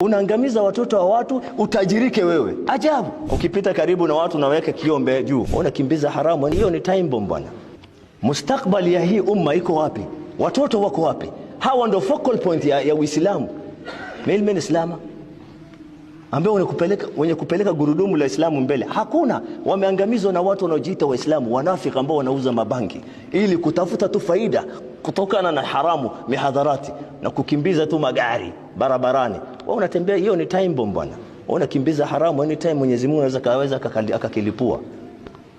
unaangamiza watoto wa watu, utajirike wewe. Ajabu! ukipita karibu na watu unaweka kiombe juu, unakimbiza haramu. Hiyo ni time bomb bwana. Mustakbali ya hii umma iko wapi? Watoto wako wapi? Hawa ndio focal point ya, ya Uislamu milmen islama ambao wenye kupeleka, wenye kupeleka gurudumu la Islamu mbele hakuna. Wameangamizwa na watu wanaojiita Waislamu, wanafiki ambao wanauza mabangi ili kutafuta tu faida kutokana na haramu mihadharati na kukimbiza tu magari barabarani wewe unatembea, hiyo ni time bomb bwana, Wewe unakimbiza haramu any time. Mwenyezi Mungu anaweza kaweza akakilipua,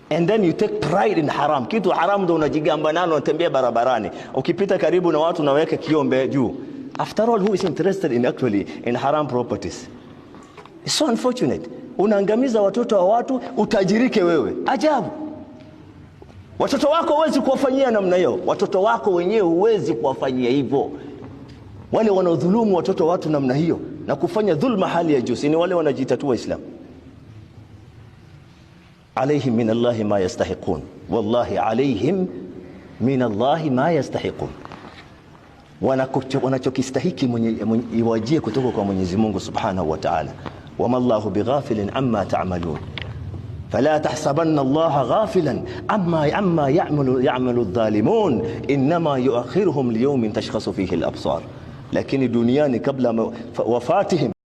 and then you take pride in haram. Kitu haramu ndio unajigamba nalo, unatembea barabarani, ukipita karibu na watu unaweka kiombe juu. After all who is interested in actually in haram properties? It's so unfortunate. Unaangamiza watoto wa watu, utajirike wewe. Ajabu. Watoto wako huwezi kuwafanyia namna hiyo, watoto wako wenyewe huwezi kuwafanyia hivyo. wale wanaodhulumu watoto watu namna hiyo na kufanya dhulma hali ya juu, si ni wale wanajitatua Waislamu? Alaihim min Allahi ma yastahiqun, wallahi alaihim min Allahi ma yastahiqun, wanachokistahiki iwajie kutoka kwa Mwenyezi Mungu subhanahu wa taala. Wama Allahu bighafilin amma ta'malun فلا تحسبن الله غافلا amma amma يعمل يعمل الظالمون انما يؤخرهم ليوم تشخص فيه الابصار لكن دنياني قبل وفاتهم